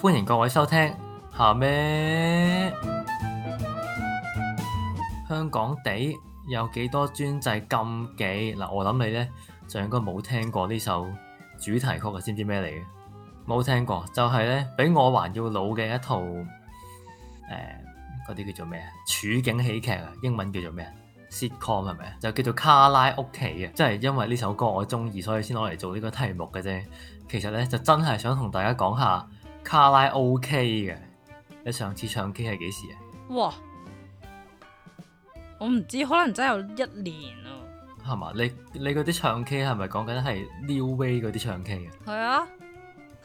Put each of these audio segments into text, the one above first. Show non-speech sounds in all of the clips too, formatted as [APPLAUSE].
歡迎各位收聽下、啊、咩？香港地有幾多專制禁忌？嗱，我諗你咧就應該冇聽過呢首主題曲啊，知唔知咩嚟嘅？冇聽過，就係、是、咧比我還要老嘅一套誒，嗰、呃、啲叫做咩啊？處境喜劇啊，英文叫做咩？Sitcom 係咪？就叫做《卡拉屋企》啊，即係因為呢首歌我中意，所以先攞嚟做呢個題目嘅啫。其實咧就真係想同大家講下。卡拉 O K 嘅，你上次唱 K 係幾時啊？哇，我唔知，可能真係有一年咯。係嘛？你你嗰啲唱 K 係咪講緊係 New Way 嗰啲唱 K 啊？係啊，嗯。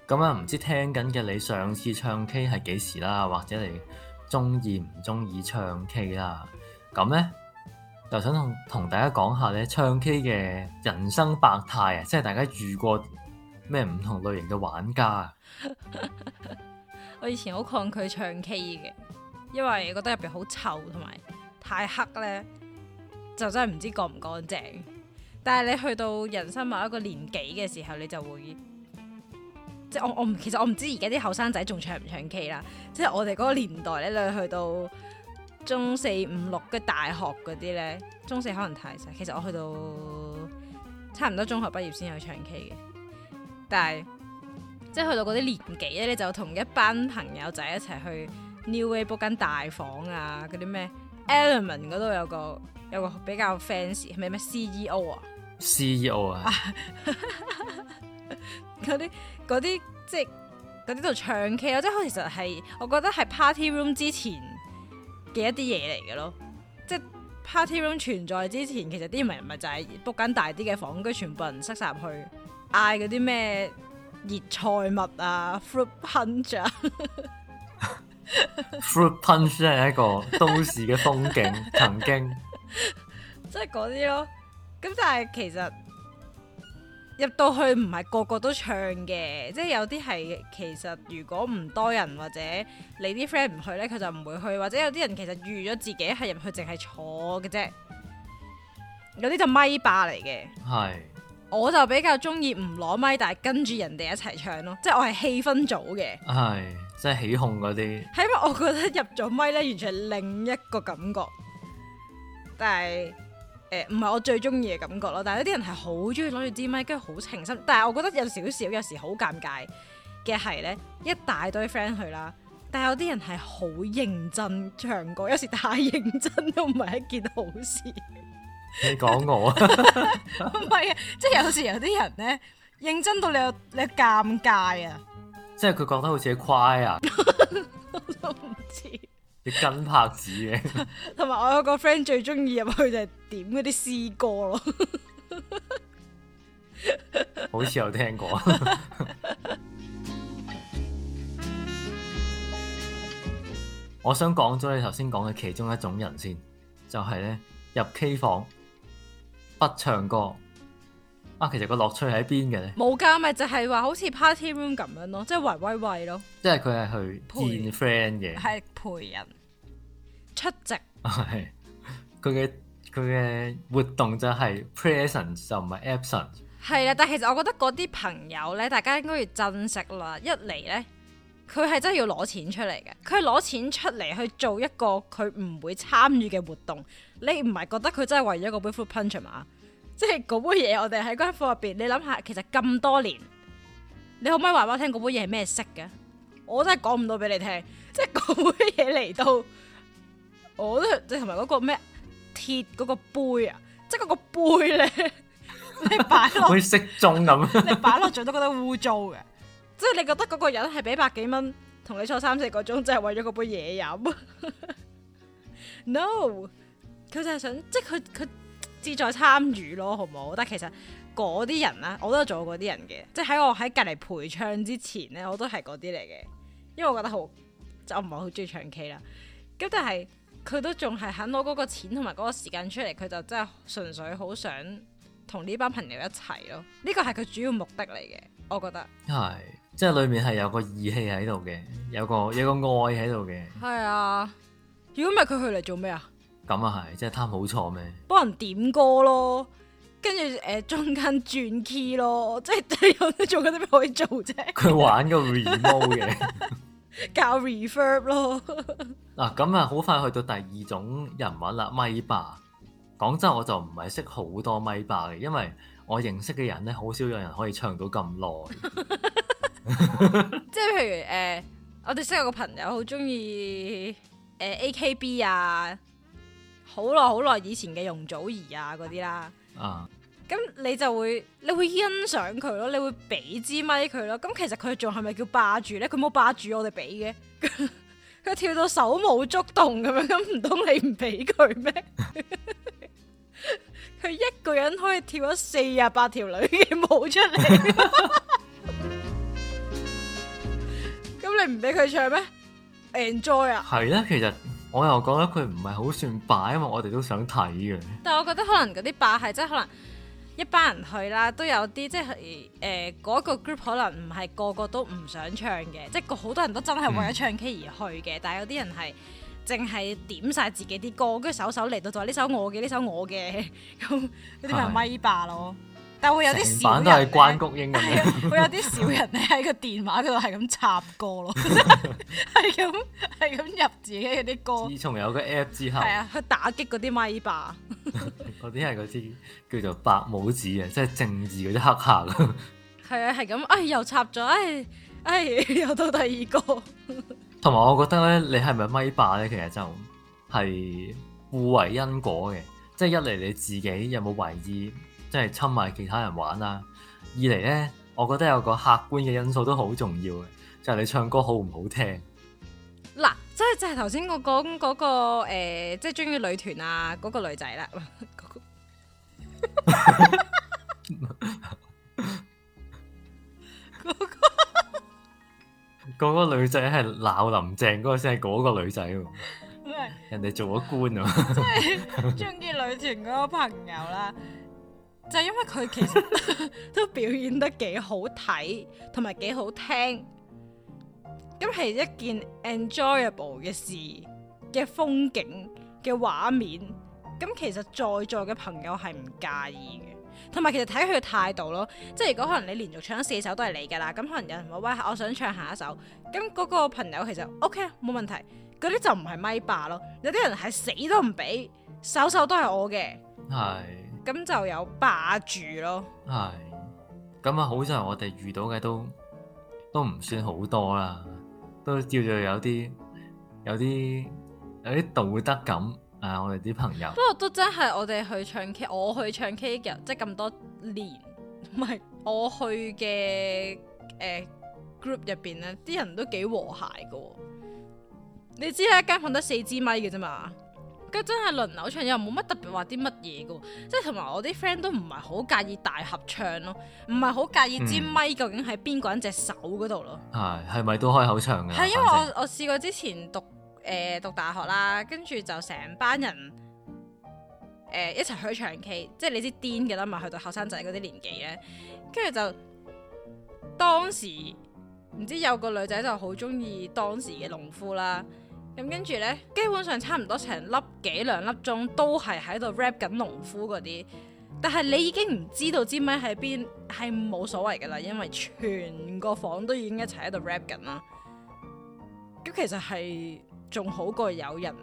咁啊，唔知聽緊嘅你上次唱 K 係幾時啦？或者你中意唔中意唱 K 啦？咁、嗯、咧，嗯、就想同同大家講下咧，唱 K 嘅人生百態啊，即係大家遇過咩唔同類型嘅玩家啊？ [LAUGHS] 我以前好抗拒唱 K 嘅，因為覺得入邊好臭，同埋太黑咧，就真係唔知乾唔乾淨。但係你去到人生某一個年紀嘅時候，你就會即係我我唔其實我唔知而家啲後生仔仲唱唔唱 K 啦。即係我哋嗰個年代咧，你去到中四五六嘅大學嗰啲咧，中四可能太細。其實我去到差唔多中學畢業先有唱 K 嘅，但係。即係去到嗰啲年紀咧，你就同一班朋友仔一齊去 New Way book 緊大房啊，嗰啲咩 Element 嗰度有個有個比較 fancy，係咪咩 CEO 啊？CEO 啊！嗰啲嗰啲即係嗰啲度唱 K 咯，就是，即係其實係我覺得係 Party Room 之前嘅一啲嘢嚟嘅咯，即係 Party Room 存在之前，其實啲唔係唔係就係 book 緊大啲嘅房居，跟住全部人塞晒入去，嗌嗰啲咩？熱菜物啊，fruit punch，fruit punch 啊 [LAUGHS] Fruit punch 係一個都市嘅風景， [LAUGHS] 曾經，即係嗰啲咯。咁但係其實入到去唔係個個都唱嘅，即係有啲係其實如果唔多人或者你啲 friend 唔去咧，佢就唔會去。或者有啲人其實預咗自己係入去，淨係坐嘅啫。有啲就咪霸嚟嘅，係。我就比較中意唔攞麥，但係跟住人哋一齊唱咯，即係我係氣氛組嘅。係、哎，即係起哄嗰啲。係因為我覺得入咗麥咧，完全係另一個感覺。但係誒，唔係我最中意嘅感覺咯。但係有啲人係好中意攞住支麥，跟住好情深。但係我覺得有少少，有時好尷尬嘅係咧，一大堆 friend 去啦，但係有啲人係好認真唱歌，有時太認真都唔係一件好事。你講我啊？唔係啊，即係有時有啲人咧認真到你有，你尷尬啊！即係佢覺得好似係誇啊！都唔 [LAUGHS] 知。你跟拍子嘅。同埋我有個 friend 最中意入去就係點嗰啲詩歌咯。 [LAUGHS] 好似有聽過。我想講咗你頭先講嘅其中一種人先，就係、是、咧入 K 房。不唱歌啊，其實個樂趣喺邊嘅咧？冇㗎，咪就係話好似 party room 咁樣咯，即係圍圍喂咯。即係佢係去見 friend 嘅，係陪人，陪人出席。係佢嘅佢嘅活動就係 presence 就唔係 absence 係啊，但係其實我覺得嗰啲朋友咧，大家應該要珍惜啦。一嚟咧。佢係真係要攞錢出嚟嘅，佢攞錢出嚟去做一個佢唔會參與嘅活動。你唔係覺得佢真係為咗個杯 fruit punch 嘛？即係嗰杯嘢我哋喺間房入邊，你諗下，其實咁多年，你可唔可以話俾我聽嗰杯嘢係咩色嘅？我真係講唔到俾你聽。即係嗰杯嘢嚟到，我都即係同埋嗰個咩鐵嗰個杯啊，即係嗰個杯咧 [LAUGHS] 下， [LAUGHS] [LAUGHS] 你擺落會失蹤咁，你擺落嘴都覺得污糟嘅。即係你覺得嗰個人係俾百幾蚊同你坐三四個鐘、 [LAUGHS] no,，即係為咗嗰杯嘢飲？No，佢就係想即係佢佢志在參與咯，好唔好？但其實嗰啲人啦，我都做過啲人嘅，即係喺我喺隔籬陪唱之前咧，我都係嗰啲嚟嘅，因為我覺得好就唔係好中意唱 K 啦。咁但係佢都仲係肯攞嗰個錢同埋嗰個時間出嚟，佢就真係純粹好想同呢班朋友一齊咯。呢個係佢主要目的嚟嘅，我覺得係。即係裏面係有個義氣喺度嘅，有個有個愛喺度嘅。係啊，如果唔係佢去嚟做咩啊？咁啊係，即係他冇錯咩？幫人點歌咯，跟住誒中間轉 key 咯，即係有得做緊啲咩可以做啫？佢玩個 remote 嘅，教 reverb 咯。嗱、 [LAUGHS] 啊，咁啊好快去到第二種人物啦，咪霸，講真我就唔係識好多咪霸嘅，因為我認識嘅人咧，好少有人可以唱到咁耐。 [LAUGHS] [LAUGHS] 即係譬如誒、呃，我哋識有個朋友好中意誒 A K B 啊，好耐好耐以前嘅容祖兒啊嗰啲啦，啊，咁你就會你會欣賞佢咯，你會俾支咪佢咯，咁其實佢仲係咪叫霸住咧？佢冇霸住我哋俾嘅，佢 [LAUGHS] 跳到手舞足動咁樣，咁唔通你唔俾佢咩？佢 [LAUGHS] 一個人可以跳咗四十八條女嘅舞出嚟。 [LAUGHS] 你唔俾佢唱咩？Enjoy 啊！係啊，其實我又覺得佢唔係好算霸，因為我哋都想睇嘅。但係我覺得可能嗰啲霸係即係可能一班人去啦，都有啲即係誒嗰個 group 可能唔係個個都唔想唱嘅，即係個好多人都真係為咗唱 K 而去嘅，嗯、但係有啲人係淨係點晒自己啲歌，跟住首首嚟到就係呢首我嘅，呢首我嘅，咁呢啲咪咪霸咯。但會有啲反都係關谷英咁樣， [LAUGHS] 會有啲小人咧喺個電話度係咁插歌咯，係咁係咁入自己啲歌。自從有個 app 之後，係啊，去打擊嗰啲咪霸。嗰啲係嗰啲叫做白帽子啊，即係政治嗰啲黑客。係 [LAUGHS] 啊，係咁，哎又插咗，哎哎又到第二個。同 [LAUGHS] 埋我覺得咧，你係咪咪霸咧？其實就係互為因果嘅，即係一嚟你自己有冇懷疑？即係侵埋其他人玩啦、啊。二嚟咧，我覺得有個客觀嘅因素都好重要嘅，就係、是、你唱歌好唔好聽。嗱、啊，即係就係頭先我講嗰、那個誒、那個呃，即係中意女團啊嗰、那個女仔啦。嗰個個女仔係鬧林鄭嗰個先係嗰個女仔、啊。唔係是，人哋做咗官啊。即 [LAUGHS] 係中意女團嗰個朋友啦、啊。 [LAUGHS] 就因為佢其實 [LAUGHS] [LAUGHS] 都表演得幾好睇，同埋幾好聽，咁係一件 enjoyable 嘅事嘅風景嘅畫面，咁其實在座嘅朋友係唔介意嘅，同埋其實睇佢嘅態度咯，即係如果可能你連續唱咗四首都係你噶啦，咁可能有人話喂，我想唱下一首，咁嗰個朋友其實 OK 冇問題，嗰啲就唔係麥霸咯，有啲人係死都唔俾，首首都係我嘅，係。咁就有霸住咯。係，咁啊好似在我哋遇到，嘅都都唔算好多啦，都叫做有啲有啲有啲道德感啊，我哋啲朋友。不過都真係我哋去唱 K，我去唱 K 嘅，即係咁多年，唔係我去嘅誒、呃、group 入邊咧，啲人都幾和諧噶，哦。你知係一間瞓得四支咪嘅啫嘛？咁真係輪流唱又冇乜特別話啲乜嘢嘅，即係同埋我啲 friend 都唔係好介意大合唱咯，唔係好介意支咪究竟喺邊個人隻手嗰度咯。係係咪都開口唱嘅？係因為我我試過之前讀誒、呃、讀大學啦，跟住就成班人誒、呃、一齊去唱 K，即係你知癲嘅啦嘛，去到後生仔嗰啲年紀咧，跟住就當時唔知有個女仔就好中意當時嘅農夫啦。咁跟住呢，基本上差唔多成粒幾兩粒鐘都係喺度 rap 緊農夫嗰啲，但係你已經唔知道支咪喺邊，係冇所謂㗎喇，因為全個房都已經一齊喺度 rap 緊啦。咁其實係仲好過有人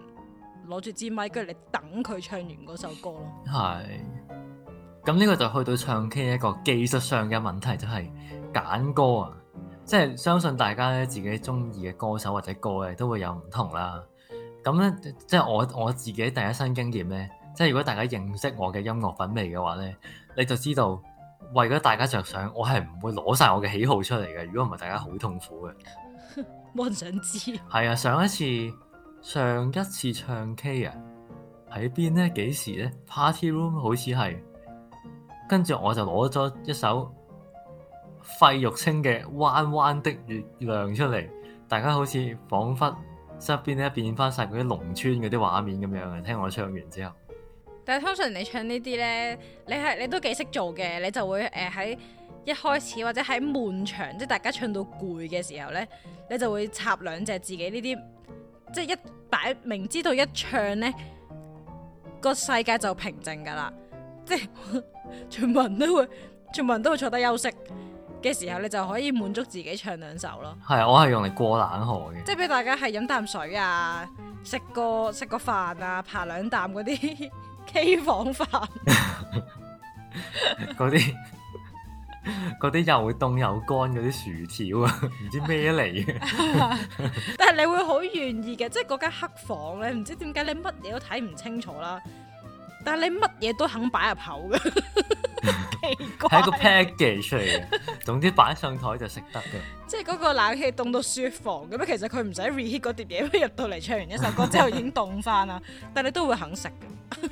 攞住支咪跟住你等佢唱完嗰首歌咯。係，咁呢個就去到唱 K 一個技術上嘅問題，就係、是、揀歌啊。即係相信大家咧，自己中意嘅歌手或者歌咧，都會有唔同啦。咁咧，即係我我自己第一身經驗咧，即係如果大家認識我嘅音樂品味嘅話咧，你就知道為咗大家着想，我係唔會攞晒我嘅喜好出嚟嘅。如果唔係，大家好痛苦嘅。 [LAUGHS] 我好想知。係啊，上一次上一次唱 K 啊，喺邊咧？幾時咧？Party room 好似係，跟住我就攞咗一首。《費玉清嘅彎彎的月亮》出嚟，大家好似彷彿身邊咧變翻晒嗰啲農村嗰啲畫面咁樣嘅。聽我唱完之後，但係通常你唱呢啲咧，你係你都幾識做嘅，你就會誒喺、呃、一開始或者喺悶場，即係大家唱到攰嘅時候咧，你就會插兩隻自己呢啲，即係一擺明知道一唱咧個世界就平靜噶啦，即係全部人都會全部人都會坐低休息。嘅時候，你就可以滿足自己唱兩首咯。係，我係用嚟過冷河嘅。即係畀大家係飲啖水啊，食個食個飯啊，爬兩啖嗰啲 K 房飯。嗰啲嗰啲又凍又乾嗰啲薯條啊，唔知咩嚟嘅。 [LAUGHS] [LAUGHS] 但係你會好願意嘅，即係嗰間黑房咧，你唔知點解你乜嘢都睇唔清楚啦。但係你乜嘢都肯擺入口嘅，係個 package 出嚟嘅。總之擺上台就食得嘅。即係嗰個冷氣凍到雪房咁樣，其實佢唔使 reheat 嗰碟嘢入到嚟，唱完一首歌之後已經凍翻啦。 [LAUGHS] 但係你都會肯食嘅。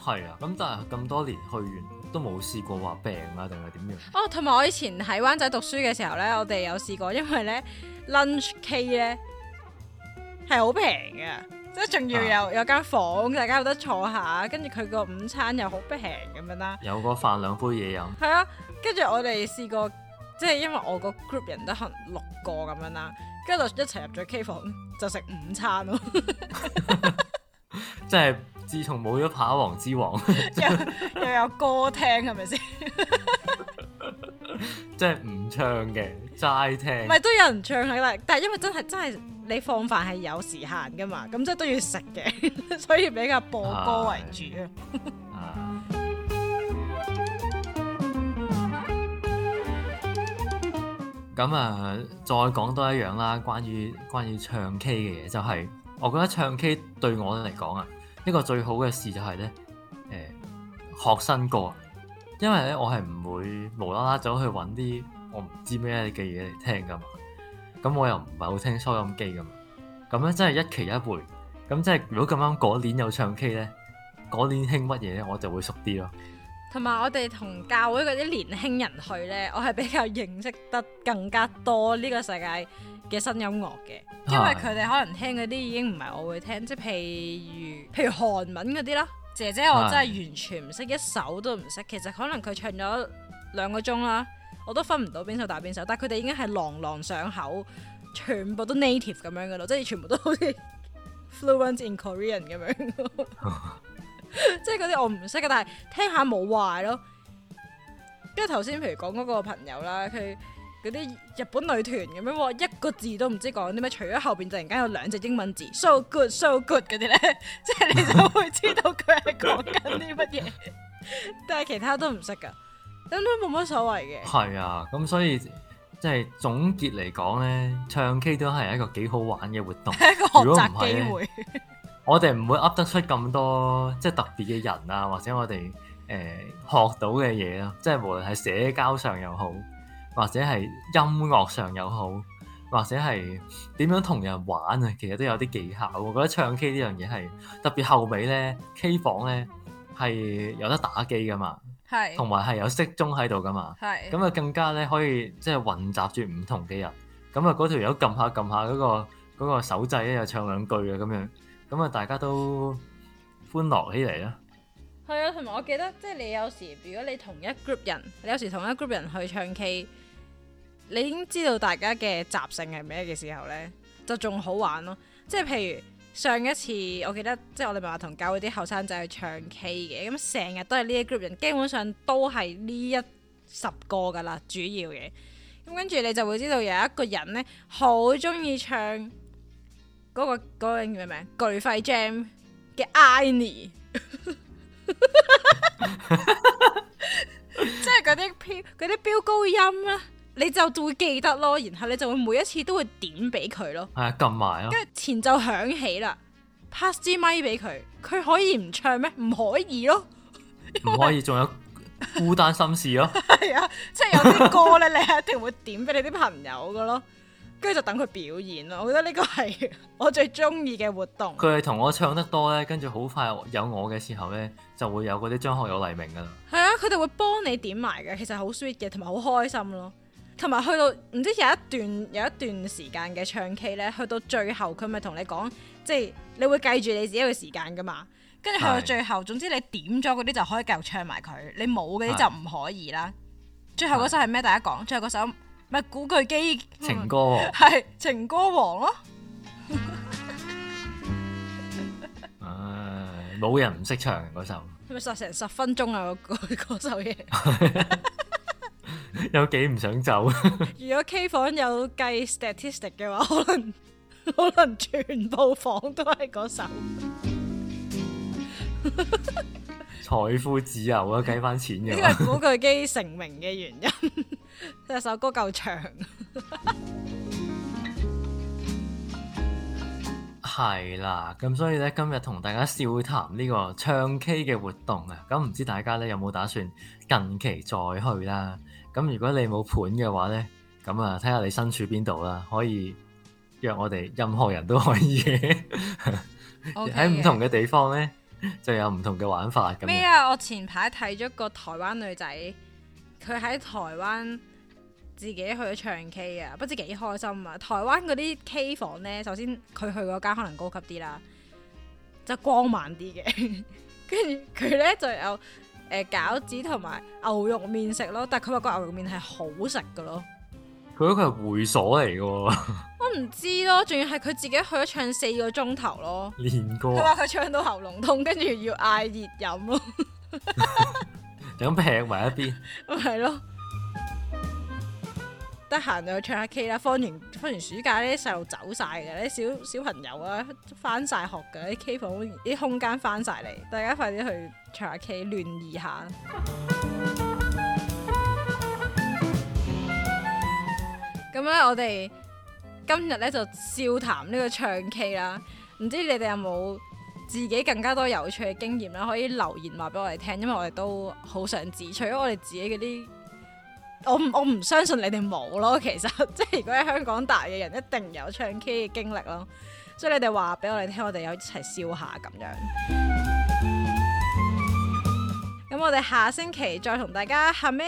係啊，咁但係咁多年去完都冇試過話病啊，定係點樣？哦，同埋我以前喺灣仔讀書嘅時候咧，我哋有試過，因為咧 lunch k 咧係好平嘅。即係仲要有有間房，大家有得坐下，跟住佢個午餐又好平咁樣啦。有個飯兩杯嘢飲。係啊，跟住我哋試過，即係因為我個 group 人都可能六個咁樣啦，跟住就一齊入咗 K 房就食午餐咯。 [LAUGHS] [LAUGHS] 即係自從冇咗扒王之王 [LAUGHS] 又，又有歌聽係咪先？ [LAUGHS] 即係唔唱嘅齋聽，唔係都有人唱起嚟，但係因為真係真係。真你放飯係有時限噶嘛？咁即係都要食嘅， [LAUGHS] 所以比較播歌為主，哎。咁啊、 [LAUGHS] 哎，再講多一樣啦。關於關於唱 K 嘅嘢，就係，就係我覺得唱 K 對我嚟講啊，一個最好嘅事就係、係、咧，誒、呃、學新歌，因為咧我係唔會無啦啦走去揾啲我唔知咩嘅嘢嚟聽噶嘛。咁我又唔係好聽收音機噶嘛，咁咧真係一期一回，咁即係如果咁啱嗰年有唱 K 咧，嗰年興乜嘢咧，我就會熟啲咯。同埋我哋同教會嗰啲年輕人去咧，我係比較認識得更加多呢個世界嘅新音樂嘅，因為佢哋可能聽嗰啲已經唔係我會聽，即係譬如譬如韓文嗰啲咯，姐姐我真係完全唔識，一首都唔識，其實可能佢唱咗兩個鐘啦。我都分唔到邊首打邊首，但係佢哋已經係朗朗上口，全部都 native 咁樣嘅咯，即係全部都好似 fluent in Korean 咁樣， [LAUGHS] [LAUGHS] 即係嗰啲我唔識嘅，但係聽下冇壞咯。因為頭先譬如講嗰個朋友啦，佢嗰啲日本女團咁樣，一個字都唔知講啲咩，除咗後邊突然間有兩隻英文字 [LAUGHS] so good so good 嗰啲咧，即係你就會知道佢係講緊啲乜嘢，但係其他都唔識噶。咁都冇乜所謂嘅。係啊，咁所以即係總結嚟講咧，唱 K 都係一個幾好玩嘅活動，係一個學習機會，如果唔係 [LAUGHS] 我哋唔會噏得出咁多即係特別嘅人啊，或者我哋誒、呃、學到嘅嘢咯，即係無論係社交上又好，或者係音樂上又好，或者係點樣同人玩啊，其實都有啲技巧啊。我覺得唱 K 呢樣嘢係特別後尾咧，K 房咧係有得打機噶嘛。係，同埋係有適中喺度噶嘛，咁啊係更加咧可以即係混雜住唔同嘅人，咁啊嗰條友撳下撳下嗰個嗰個手掣咧又唱兩句嘅咁樣，咁啊大家都歡樂起嚟啦。係啊，同埋我記得即係你有時如果你同一 group 人，你有時同一 group 人去唱 K，你已經知道大家嘅習性係咩嘅時候咧，就仲好玩咯。即係譬如。上一次我記得，即係我哋咪話同教嗰啲後生仔去唱 K 嘅，咁成日都係呢 group 人，基本上都係呢一十個㗎喇，主要嘅。咁跟住你就會知道有一個人咧、那個，好中意唱嗰個叫咩名巨肺 Jam 嘅 Irie，即係嗰啲飆啲飆高音啦。你就會記得咯，然後你就會每一次都會點俾佢咯。係啊，撳埋咯。跟住前奏響起啦，pass 支咪俾佢，佢可以唔唱咩？唔可以咯。唔可以，仲有孤單心事咯。係 [LAUGHS] 啊，即係有啲歌咧，你一定會點俾你啲朋友噶咯。跟住 [LAUGHS] 就等佢表演咯。我覺得呢個係我最中意嘅活動。佢係同我唱得多咧，跟住好快有我嘅時候咧，就會有嗰啲張學友黎明噶啦。係啊，佢哋會幫你點埋嘅，其實好 sweet 嘅，同埋好開心咯。同埋去到唔知有一段有一段時間嘅唱 K 咧，去到最後佢咪同你講，即係你會計住你自己嘅時間噶嘛？跟住去到最後，是總之你點咗嗰啲就可以繼續唱埋佢，你冇嗰啲就唔可以啦。最後嗰首係咩？大家講，是最後嗰首咪古巨基情歌，係、嗯、情歌王咯，哦。唉、 [LAUGHS] 哎，冇人唔識唱嗰首。係咪十成十分鐘啊？嗰嗰首嘢。有幾唔想走？ [LAUGHS] 如果 K 房有計 statistic 嘅話，可能可能全部房都係嗰首。財 [LAUGHS] 富自由啊，計翻錢嘅。呢個古巨基成名嘅原因，即係 [LAUGHS] [LAUGHS] 首歌夠長。係 [LAUGHS] 啦，咁所以咧，今日同大家笑談呢個唱 K 嘅活動啊，咁唔知大家咧有冇打算近期再去啦？咁如果你冇盤嘅話呢，咁啊睇下你身處邊度啦，可以約我哋任何人都可以，喺 [LAUGHS] 唔 Okay. 同嘅地方呢，就有唔同嘅玩法。咩啊麼？樣我前排睇咗個台灣女仔，佢喺台灣自己去咗唱 K 啊，不知幾開心啊！台灣嗰啲 K 房呢，首先佢去嗰間可能高級啲啦，就光猛啲嘅，跟住佢呢，就有。誒、呃、餃子同埋牛肉麵食咯，但係佢話個牛肉麵係好食嘅咯。佢嗰個係會所嚟嘅喎。 [LAUGHS] 我唔知咯，仲要係佢自己去咗唱四個鐘頭咯。練歌。佢話佢唱到喉嚨痛，跟住要嗌熱飲咯。咁劈埋一邊，咪係 [LAUGHS] 咯。得閒就去唱下 K 啦，放完放完暑假呢，啲細路走晒嘅，啲小小朋友啊，翻晒學嘅，啲 K 房啲空間翻晒嚟，大家快啲去唱下 K，聯誼下。咁咧， [MUSIC] 我哋今日咧就笑談呢個唱 K 啦，唔知你哋有冇自己更加多有趣嘅經驗咧，可以留言話俾我哋聽，因為我哋都好想知，除咗我哋自己嗰啲。我我唔相信你哋冇咯，其實即係如果喺香港大嘅人一定有唱 K 嘅經歷咯，所以你哋話俾我哋聽，我哋有一齊笑下咁樣。咁 [MUSIC] 我哋下星期再同大家係咩？